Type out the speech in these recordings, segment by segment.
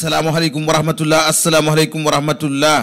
salaamaaleykum wa rahmatullah asalaamaaleykum wa rahmatullah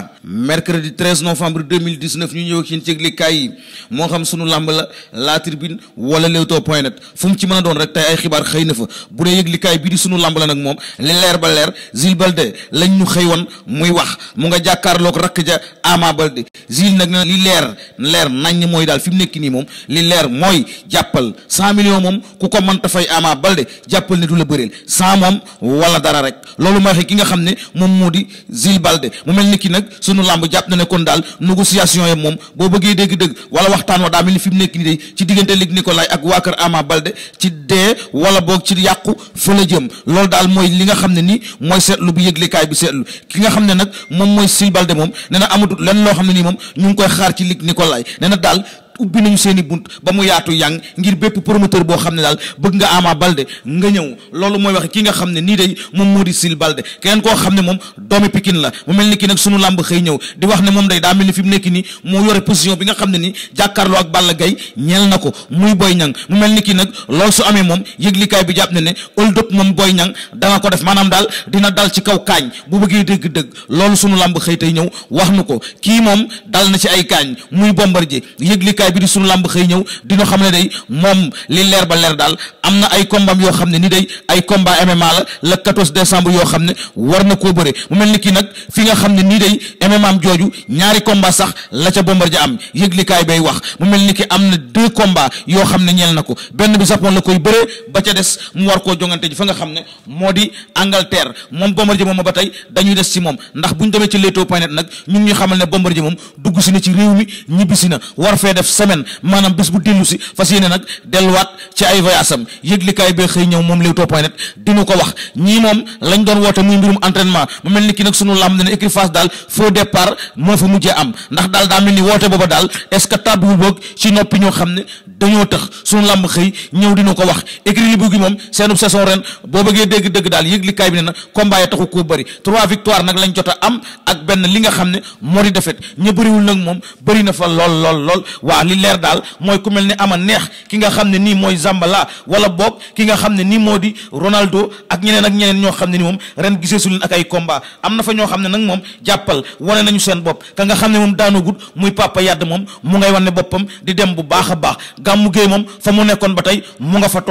mercredi 13 novembre 2019 ñu ñëw ak yéen ci yëglekaay yi moo xam sunu làmb la la tribune wala leewtoo point net fu mu ci mën a doon rek tey ay xibaar xëy na fa bu dee yëglekaay bii di sunu làmb la nag moom li leer ba leer Zil Balde lañ ñu xëy woon muy wax mu nga jàkkaarloog rakk ja Ama Balde Zil nag na li leer leer nañ mooy daal fi mu nekk nii moom li leer mooy jàppal 100 millions moom ku ko mënta fay amaa Balde jàppal ne du la bëreel 100 moom wala dara rek loolu ma xëy ki nga xam ne moom moo di Zil Balde mu mel ni ki nag sunu làmb jàpp na ne kon daal négociation ya moom boo bëggee dégg-dégg wala waxtaan wa daal mel ni fi mu nekk nii de ci diggante Luc Nicolaï ak waa kër Ama Balde ci dee wala boog ci yàqu fa la jëm loolu daal mooy li nga xam ne nii mooy seetlu bi yëglekaay bi seetlu ki nga xam ne nag moom mooy Zil Balde moom nee na amatul lenn loo xam ne nii moom ñu ngi koy xaar ci Luc Nicolaï nee na daal ubbi nañu seen bunt ba mu yaatu yang ngir bépp promoteur boo xam ne daal bëgg nga Ama Balde nga ñëw loolu mooy wax ki nga xam ne nii day moom moo di Sil Balde keneen koo xam ne moom doomi Pikine la mu mel ni ki nag sunu làmb xëy ñëw di wax ne moom day daa mel ni fi mu nekk nii moo yore xam ne nii jàkkaarloo ak Balla Gaye ñeel na ko muy Boy Niang mu mel ni ki nag loolu su amee moom yëglikaay bi jàpp ne ne hold up moom Boy Niang danga ko def maanaam daal dina dal ci kaw kaañ bu bëggee dëgg-dëgg loolu sunu làmb xëy tey ñëw wax nu ko kii moom dal na ci ay kaañ muy Bombardier yëglikaay bi di sunu làmb xëy ñëw dina xam ne day moom li leer ba leer daal am na ay combam yoo xam ne nii day ay comba MMA la le 14 décembre yoo xam ne war na koo bëre mu mel ni kii nag fi nga xam ne nii day MMA am jooju ñaari combat sax la ca Bombardier am yëglikaay bay wax mu mel ni ki am na deux combat yoo xam ne ñeel na ko benn bi Japon la koy bëree ba ca des mu war koo jongante ji fa nga xam ne moo di Angleterre moom Bombardier moom ma ba tey dañuy des ci moom ndax bu ñu demee ci Leewtoo point net nag ñun ñu xamal ne Bombardier moom dugg si na ci réew mi ñibbi na semaine maanaam bés bu dellu si fas yéene nag delluwaat ci ay voyage am yëglikaay bee xëy ñëw moom Leewtoo point net dinu ko wax ñii moom lañ doon woote muy mbirum entraînement mu mel ni ki nag sunu lam ne ne écurie daal foo départ moo fa mujjee am ndax daal daa mel ni woote booba daal est-ce que tàbbiwul boog ci noppi ñoo xam ne dañoo tax suñu làmb xëy ñëw dina ko wax écrit li bu moom seenub saison ren boo bëggee dégg dëgg daal yëglikaay bi ne na combat ya taxu koo bëri trois victoire nag lañ jot a am ak benn li nga xam ne moo di defet ña bëriwul nag moom bëri na fa lool lool lool waa li leer daal mooy ku ni ama neex ki nga xam ne nii mooy Zambala wala boog ki nga xam ne nii moo di Ronaldo ak ñeneen ak ñeneen ñoo xam ne ni moom ren gisee su leen ak ay combat am na fa ñoo xam ne nag moom jàppal wane nañu seen bopp ka nga xam ne moom daanoo muy papa yàdd moom mu ngay ne boppam di dem bu baax a baax gàmmu géey moom fa mu nekkoon ba tey mu nga xam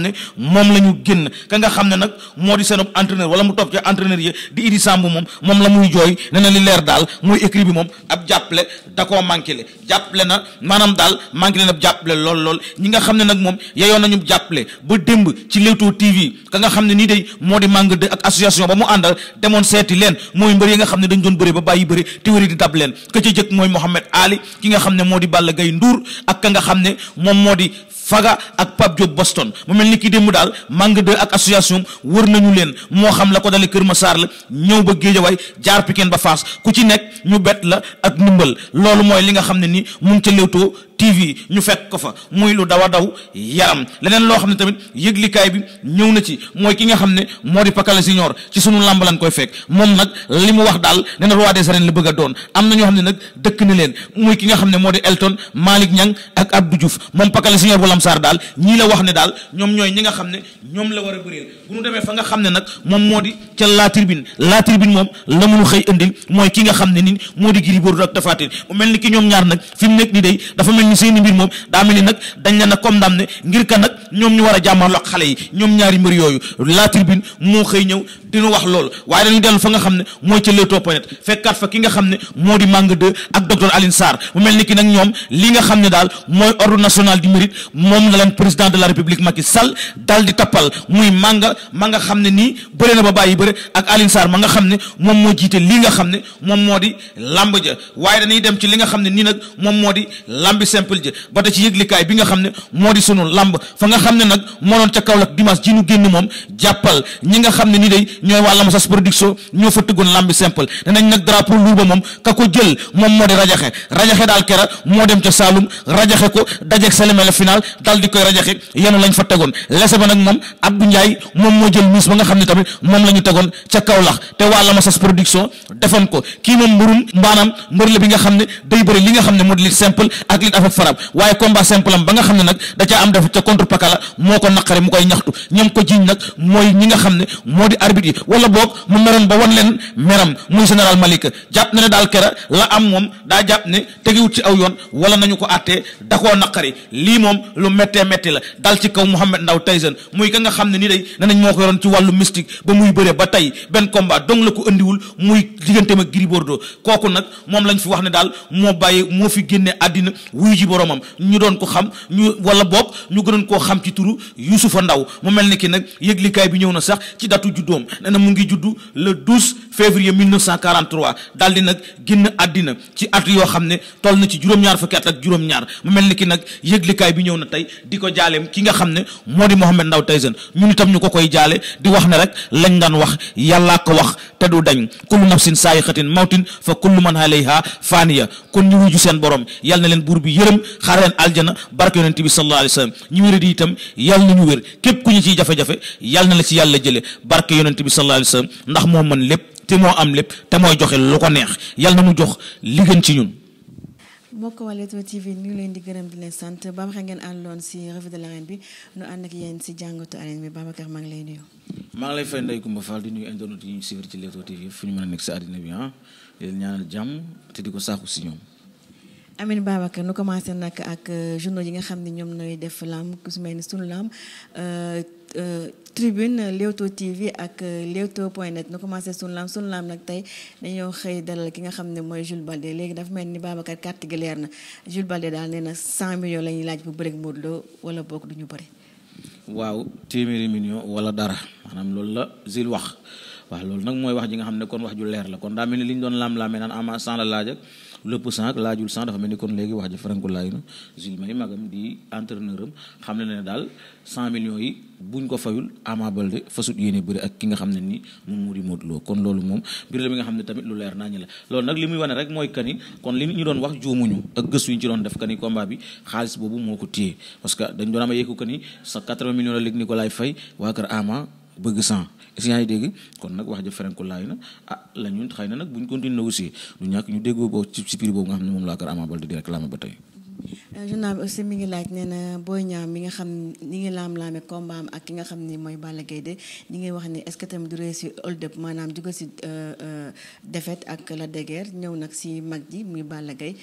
ne moom la génn ka nga xam ne nag moo di seenub entraîneur wala mu topp ci entraîneur yi di Idi Samb moom moom la muy jooy ne li leer daal muy écrit bi moom ab jàppale da koo le jàppale na maanaam daal manqué leen ab jàppale lool lool ñi nga xam ne nag moom yeyoon nañu jàppale ba démb ci Leewtoo TV ka nga xam ne nii day moo di màng de ak association ba mu àndal demoon seeti leen mooy mbër yi nga xam ba bàyyi bëre te wéri di dab leen ka ca jëkk mooy Mouhamed Ali ki nga xam Ndour ak ka nga xam ne moom moo di faga ak Pape Diop Boston mu mel ni ki démb daal Manga 2 ak association wër nañu leen moo xam la ko dale Kër Massar la ñëw ba Géejawaay jaar Pikine ba Faas ku ci nekk ñu bet la ak ndimbal loolu mooy li nga xam ne ni mu ngi ca Leewtoo TV ñu fekk ko fa muy lu daw a daw yaram leneen loo xam ne tamit yëglikaay bi ñëw na ci mooy ki nga xam ne moo di Pakala Senior ci sunu làmb lañ koy fekk moom nag li mu wax daal nee na roi des arènes la bëgg doon am na ñoo xam ne nag dëkk na ki nga xam ne moo di Elton Malick Niang ak Abdou Lam Sarr daal ñii la wax ne daal ñoom ñooy ñi nga xam ne ñoom la war a bëreel bu ñu demee fa nga xam ne nag moom moo di ca la tribune la tribune moom la mënu xëy indil mooy ki nga xam ne ni moo di Gris ak Tapha Tine mel ni ki ñoom ñaar nag fi nekk ni day dafa mel ni seeni mbir moom daa mel ni nag dañ la nag comme ndam ne ngir ka nag ñoom ñu war a jàmmarloo ak xale yi ñoom ñaari mbër yooyu la tribune moo xëy ñëw dinu wax loolu waaye dañu dellu fa nga xam ne mooy ca Leewtoo point net fekkaat fa ki nga xam ne moo di Manga 2 ak docteur Alioune Sarr mel ni ki nag ñoom li nga xam ne daal mooy ordre national du mérite moom la leen président de la république Macky Sall daal di tappal muy ma nga xam ne nii bëre na ba bàyyi bëre ak Alioune saar ma nga xam ne moom moo jiite li nga xam ne moom moo di lamb ja waaye dañuy dem ci li nga xam ne nii nag moom moo di lambi simple ja ba ta ci yëglikaay bi nga xam ne moo di sunu lamb nga xam ne nag moo doon ca Kaolack dimanche ji ñu génn moom jàppal ñi nga xam ne ni day ñooy waa Lamasas production ñoo fa tëggoon lambi simple danañ nag drapeau luuba moom ka ko jël moom moo di rajaxe rajaxe daal kera moo dem ca Saalum rajaxe ko dajeeg selemele final daal di koy rajaxe yenu lañ fa tegoon lese ba nag moom Abdou Ndiaye moom moo jël miis ba nga xam ne tamit moom la ñu tegoon ca Kaolack te waa Lamasas production defoon ko kii moom mburum kala moo ko naqari mu koy ñaxtu ñam ko jiñ nag mooy ñi nga xam ne moo di arbitre yi wala boog mu meroon ba wan leen meram muy général Malick jàpp na ne daal kera la am moom daa jàpp ne tegiwut ci aw yoon wala nañu ko àttee da koo naqari lii moom lu méttee métti la dal ci kaw Mouhamed Ndao Tyson muy ka nga xam ne ni day ne nañ moo ko yoroon ci wàllu mystique ba muy bëree ba tey benn combat dong la ko indiwul muy digganteem ak Gris Bordeaux kooku nag moom lañ fi wax ne daal moo bàyyi moo fi génnee àddina wuyu ji boromam ñu doon ko xam ñu xam ci turu Yuusufa Ndaw mu mel ni ki nag yëglikaay bi ñëw na sax ci datu juddoom nee mu ngi juddu le février 1943 nag génn àddina ci at yoo xam ne toll na ci juróom-ñaar fukki at ak juróom-ñaar mu mel ni ki nag yëglikaay bi ñëw na tey di ko jaaleem ki nga xam ne moo di Mohamed Ndao Tyson ñun itam ñu ko koy jaale di wax ne rek lañ daan wax yàllaa ko wax te du dañ kullu nafsin saayixatin mawtin fa kullu man alayha faaniya kon ñu wuju ñu wéri itam yàlla na ñu wér képp ku ñu ciy jafe-jafe yàlla na la ci yàlla jëlee barke yonent bi sallallahu alayhi wa sallam ndax moo mën lépp te moo am lépp te mooy joxe lu ko neex yàlla na mu jox li gën ci ñun. mbokk waa Leewtoo TV ñu ngi leen di gërëm di leen sant Babacar ngeen àndoon si revue de l'arène bi nu ànd ak yéen si jàngatu arène bi Babacar maa ngi lay nuyu. maa ngi lay fay Ndeye Coumba Fall di nuyu internet yi ñu suivre ci Leewtoo TV fu ñu mën a nekk si àddina bi ah leen ñaanal jàmm te di ko saaku si ñoom Amin Babacar nu commencé nag ak euh, journaux yi nga xam ne ñoom nooy def lamb ku su mel ni sunu lamb euh, euh, tribune Leewtoo TV ak Leewtoo point net nu commencé sunu lamb sunu lamb nag tey dañoo xëy dalal ki nga xam ne mooy Jules Balde léegi dafa mel ni Babacar carte gi leer na Jules Balde daal nee na 100 la ñuy laaj bu bëreeg Modou Lo wala boog du ñu bëri. waaw téeméeri million wala dara maanaam loolu la Jules wax waaw loolu nag mooy wax ji nga xam ne kon wax ju leer la kon daa mel ni li doon lam-laamee naan ama 100 la lépp cent ak laajul cent dafa mel ni kon léegi wax ji faranku laay na Jules magam di entraîneur am xam na ne daal cent millions yi buñ ko fayul Ama Baldé fasut yéene bëri ak ki nga xam ne ni moom moo di Modou Lo kon loolu moom mbir la mi nga xam ne tamit lu leer naa ñu la loolu nag li muy wane rek mooy kani kon li ñu doon wax juumuñu ak gëstu yi ñu ci doon def kani combat bi xaalis boobu moo ko téye parce que dañ doon ama yeeku kani sa 80 millions la lig bëgg cent est-ce dégg kon nag wax ja ko laay na ah la ñun xëy na nag bu ñu continuer aussi du ñàkk ñu déggoo boo ci si prix boobu nga xam ne moom laa kër Ama Baldé di réclamer ba tey euh, journal bi aussi mi ngi laaj nee na Boy Niang mi nga xam ni ngi laam-laame combat am ak ki nga xam ni mooy Balla Gaye de ñi ngi wax ni est-ce que tamit du réussir hold up maanaam jóge si euh, euh, défaite ak la déguerre ñëw nag si mag ji muy Balla Gaye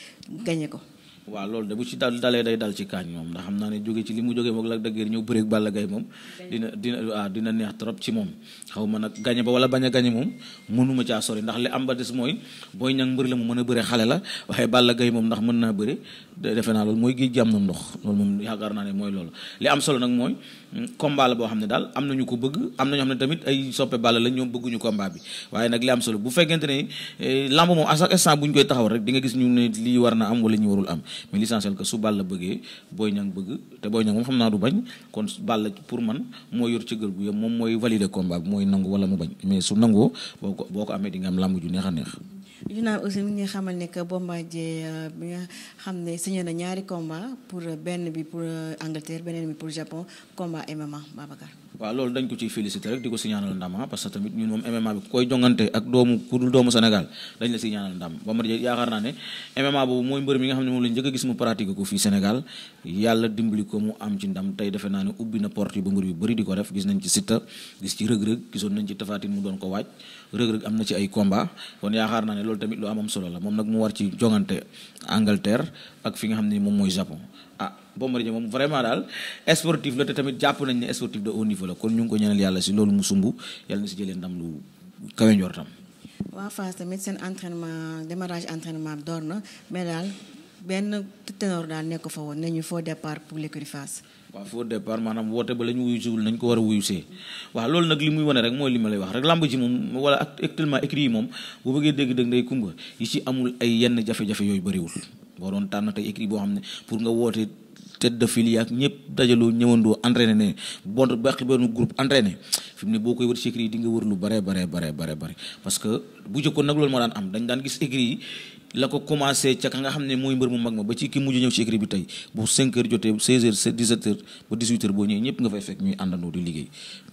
gagné ko waaw loolu de bu ci dal dalee day dal ci kaañ moom ndax xam naa ne jóge ci li mu jóge moom la dëggeer ñëw bëreeg Balla Gaye moom dina dina waaw dina neex trop ci moom xaw ma nag gañe ba wala bañ a gañe moom mënuma caa sori ndax li am ba des mooy booy ñang mbër la mu mën a bëre xale la waaye Balla Gaye moom ndax mën naa bëre defe naa loolu mooy géej gi am na ndox loolu moom yaakaar naa ne mooy loolu li am solo nag mooy combat la boo xam ne daal am nañu ko bëgg am nañu xam ne tamit ay soppe Balla la ñoom bëgguñu combat bi waaye nag li am solo bu fekkent ne eh, lamb moom à chaque bu ñu koy taxaw rek di nga gis ñu ne lii war na am wala ñu warul am mais l'essentiel que su bal la bëggee booy Niang bëgg te Boy Niang moom xam naa du bañ kon Balla pour man moo yor ci gër gu yam moom mooy valider combat bi mooy nangu wala mu bañ mais su nangoo boo ko boo ko amee di nga am làmb ju neex a neex naa aussi mi ngi xamal ne que Bombardier bi euh, nga xam ne signé na ñaari combat pour euh, benn bi pour euh, Angleterre beneen bi pour Japon combat MMA Babacar waaw loolu dañ ko ciy félicité rek di ko si ñaanal ndam ah, parce que tamit ñun moom MMA bi koy jongante ak doomu ku ne MMA boobu mooy mbër mi nga ne moom la a gis mu pratique ko fii Sénégal ko mu am ci ndam tey defe naa ne ubbi na porte yi ba bëri di ko def gis nañ ci Siteu gis ci rëg-rëg gisoon nañ mu doon ko waaj rëg-rëg am na ay combat kon yaakaar naa ne loolu tamit lu amam solo la moom nag mu war ci jongante Angleterre ak fi nga xam ne moom mooy Japon Bombardier moom vraiment daal sportif la te tamit jàpp nañ ne sportif de haut niveau la kon ñu ngi ko ñaanal yàlla si loolu mu sumb yàlla na si jëlee ndam lu kawe njortam. waa Fass tamit seen entraînement démarrage entraînement door na mais daal benn ténor daal nekk fa woon nañu faux départ pour l'écurie Fass. waaw faux départ maanaam woote ba la ñu nañ ko war a wuyu see loolu nag li muy wane rek mooy li wax rek ji moom wala actuellement tête de file ñëpp dajaloo ñëwandoo entraîné ne ba bàq benn groupe entraîné fi ne boo koy wër ci écrit yi di nga wër lu bare bare bare bare parce que bu jëkkoon nag loolu moo daan am dañ daan gis écrit yi la ko commencé ca ka nga xam ne mooy mbër mu mag ma ba ci ki mujj ñëw ci écrit bi tey bu 5 heures jotee bu 16 heures 17 heures ba 18 heures boo ñëwee ñëpp nga fay fekk ñuy àndandoo di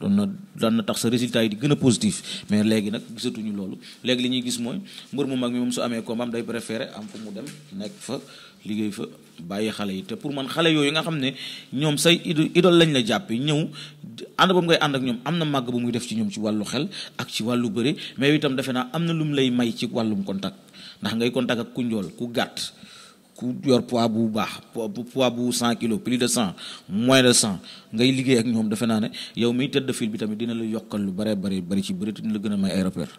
na daan na tax sa résultat di gën a positif mais léegi nag gisatuñu loolu léegi li ñuy gis mooy mbër mu mag mi su amee combat am day préféré am fu mu dem nekk fa liggéey fa bàyyi xale yi te pour man xale yooyu nga xam ne ñoom say idole lañ la jàppe ñëw ànd boobu ngay ànd ak ñoom am na màgg bu muy def ci ñoom ci wàllu xel ak ci wàllu bëre mais itam defe naa am na lu mu lay may ci wàllum contact ndax ngay contact ak ku njool ku gàtt ku yor pois bu baax poids bu bu cent kilo plus de cent moins de cent ngay liggéey ak ñoom defe naa ne yow miy tëdd fil bi tamit dina la yokkal lu bare bare bari ci bëri dina la gën a may ay repère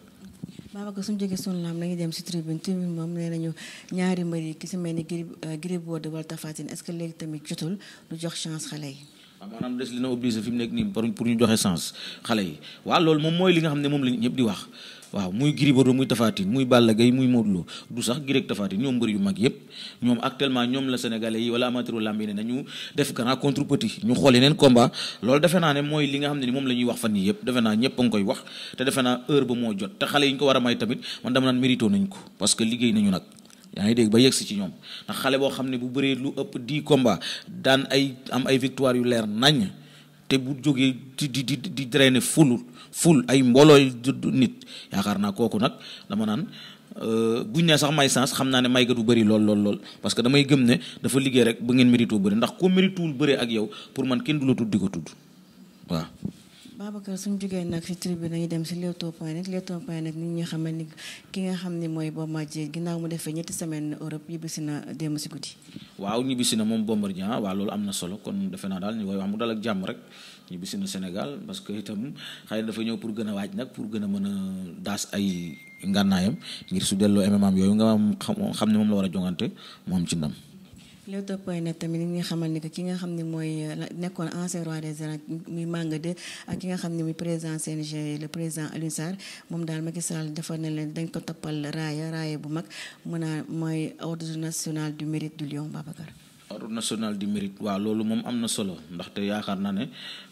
Babacar suñu jógee suñu laam dañuy dem si tribune tribune moom nee nañu ñaari mbër yi ki si mel ni Gris euh, Gris Bordeaux wala Tapha Tine est-ce que léegi tamit jotul lu jox chance xale yi waaw ah, maanaam des li pour ñu joxe chance xale yi waaw loolu moom mooy li nga xam ne moom la ñëpp di wax waaw muy Gris Bordeaux muy Tapha Tine muy Balla Gaye muy Modou Lo du sax Gris ak Tapha Tine ñoom mbër yu mag yépp ñoom actuellement ñoom la sénégalais yi wala amateur lamb yi ne nañu def grand contre petit ñu xool yeneen combat loolu defe naa ne mooy li nga xam ne ni moom la ñuy wax fan yi yépp defe naa ñépp a ngi koy wax te defe naa heure ba moo jot te xale yi ñu ko war a may tamit man dama naan mérito nañ ko parce que liggéey nañu nag yaa ngi dégg ba yegsi ci ñoom ndax boo xam ne bu bëree lu ëpp di combat daan ay am ay victoire yu leer nañ te bu jógee di di di di drainer fulul ful ay mboolooy nit yaakaar naa kooku nag dama naan euh, buñ ne sax may sens xam naa ne may ga du bëri lool lool parce que damay gëm ne dafa liggéey rek ba ngeen mérito bëri ndax ko mérituwul bëri ak yow pour man kenn du la tudd di ko tudd waaw. Babacar suñu jógee nag ci tribune dañuy dem ci Leewtoo point net Leewtoo point net nit ñi xamal ni ki nga xam ne mooy Bomb Dieng ginnaaw mu defee ñetti semaine Europe ñibbisi na démb ci guddi. waaw ñibbisi na moom Bombardier waaw loolu am na solo kon defe naa daal ñu koy wax mu dal ak jàmm rek. ñibbisi na Sénégal parce que itam xëy dafa ñëw pour gën a waaj nag pour gën a mën a daas ay ngànnaayam ngir su delloo MMA am yooyu nga am xam ne moom la a jongante mu am ci ndam. Leewtoo point net tamit ñu ngi xamal ni que ki nga xam ne mooy nekkoon ancien roi des arènes muy Manga 2 ak ki nga xam ne muy président CNG le président Alioune Sarr moom daal Macky Sall defal ne leen dañ ko toppal raaya raaya bu mag mën a mooy ordre national du mérite du lion Babacar. route nationale du mérite waaw loolu moom am na solo ndaxte yaakaar naa ne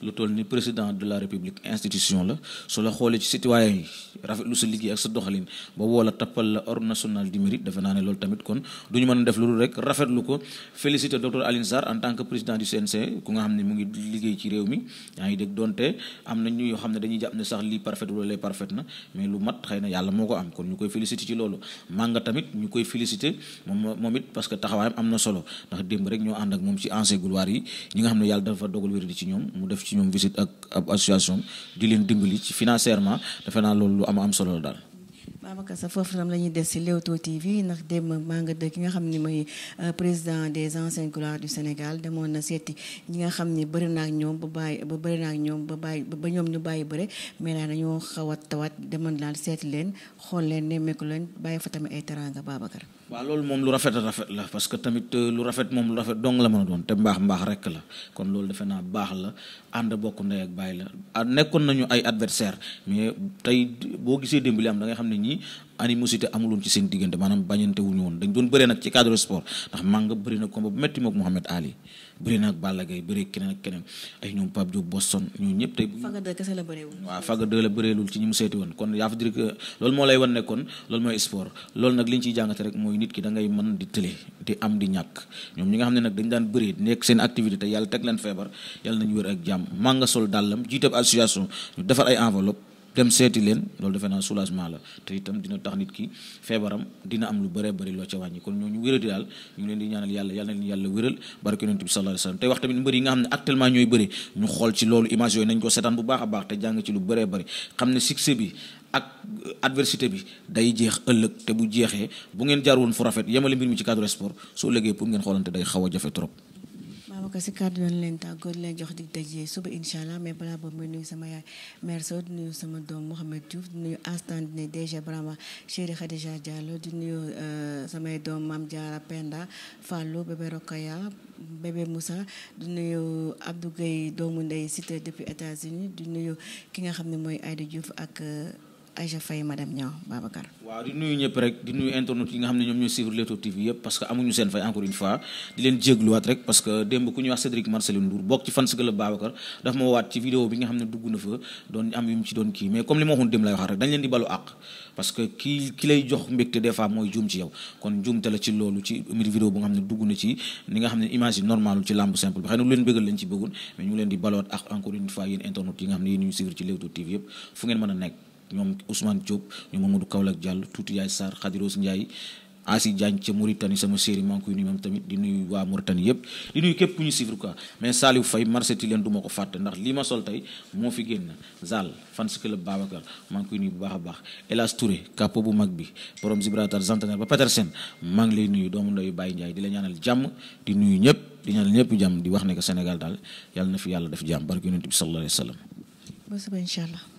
lu toll ni président de la république institution la su la ci citoyen yi rafetlu sa liggéey ak sa doxalin ba woola tappal la ordre national du mérite defe naa ne loolu tamit kon du ñu mën a def loolu rek rafetlu ko félicité docteur Alioune en tant que président du CNC ku nga xam ne mu ngi liggéey ci réew mi yaa ngi dégg donte am na ñu yoo xam ne dañuy jàpp ne sax ko am kon ñu koy félicité rek ñoo ànd ak moom ci ancien gloire yi ñi nga xam ne yàlla dafa dogal wér di ci ñoom mu def ci ñoom visite ak ab association di leen dimbali ci financièrement defe naa loolu lu am am solo la daal. Babacar sa foofu tam la ñuy des ci Leewtoo TV ndax démb maa nga dëkk ki nga xam ne mooy euh, président des anciennes gloires du Sénégal demoon na seeti ñi nga xam ne bëri na ñoom ba bàyyi ba bëri na ñoom ba bàyyi ba ñoom ñu bàyyi bëre mais daal dañoo xaw a tawat demoon daal seeti leen xool leen nemmeeku leen bàyyi fa tamit ay teranga Babacar. waaw loolu moom lu rafet rafet la parce que tamit euh, lu rafet moom lu rafet dong la mën a doon te mbaax mbaax rek la kon loolu defe naa baax la ànd bokk ndey ak bàyyi la ah, nekkoon nañu ay adversaire mais tey boo gisee démb am da nga xam ne ñii animosité amuloon ci seen diggante maanaam bañante wuñu woon dañ doon bëree nag ci cadre sport ndax Manga bëri na combat bu métti mook Mouhamed Ali bëri na ak ñëpp tey Faga de kese la bëreewul waaw Faga de la bëreelul ci ñi mu seeti woon kon yaa fa dire que loolu moo lay wan ne kon loolu mooy sport loolu nag li ñu jàngate rek mooy nit ki da ngay mën di tële di am di ñàkk ñoom ñi nga xam ne nag dañ daan bëree nekk seen activité te yàlla teg leen feebar yàlla nañu wér ak jàmm Manga sol dàllam jiitab association ñu defar ay enveloppe dem seeti leen loolu defe naa soulagement la te itam dina tax nit ki feebaram dina am lu bare bari loo ca wàññi kon ñooñu wéradi daal ñu ngi leen di ñaanal yàlla yàlla na yàlla wéral barke yonent bi sallallahu alayhi wasallam wax tamit mbër yi nga xam ne actuellement ñooy bëri ñu xool ci loolu image yooyu nañ ko seetaan bu baax a baax te jàng ci lu bëree bëri xam ne succès bi ak adversité bi day jeex ëllëg te bu jeexee bu ngeen jaar woon fu rafet yemale mbir mi ci cadre sport soo légéey pour ngeen xoolante day xaw a jafe trop ko si kàddu nañ leen tàggoo di leen jox dig daje suba incha mais balaa boobu may nuyu sama yaay mère Sow di nuyu sama doom Mouhamed Diouf di nuyu Astan di nuyu nuyu euh, samay doom Mame Diarra Penda Fallou bébé Rokaya bébé Moussa di nuyu Abdou Gueye doomu ndey Cité depuis États-Unis di nuyu ki nga xam ni mooy Aïda Diouf ak. Euh, Aïcha Faye madame Niang Babacar. waaw di nuyu ñëpp rek di nuyu internet yi nga xam ne ñoom ñuy wax Cédric na fa ne dugg na ci li nga xam ne image yi normalu ci lamb simple bi na lu leen bëggal lañ ci bëggoon mais ñu leen di TV yëpp fu ngeen mën a nekk ñoom Ousmane Diop ñoom Mamadou Kaolack Diallo tuuti yaay Sarr Khadiros Ndiaye Asi Diagne ca Mauritanie sama série maa koy nuyu moom tamit di nuyu waa Mauritanie yëpp di nuyu képp ku ñu suivre quoi mais Saliou Faye marché ti leen ma ko fàtte ndax li ma sol tey moo fi génn Zal fans club Babacar maa ngi koy bu baax a baax Elas Touré capo bu mag bi borom Gibraltar Centenaire ba Petersen maa ngi lay nuyu doomu ndeyu Baye Ndiaye di la ñaanal jàmm di nuyu ñëpp di ñaanal ñëpp jàmm di wax ne que Sénégal daal yàlla na fi yàlla def jàmm barke yonent bi sallallahu alayhi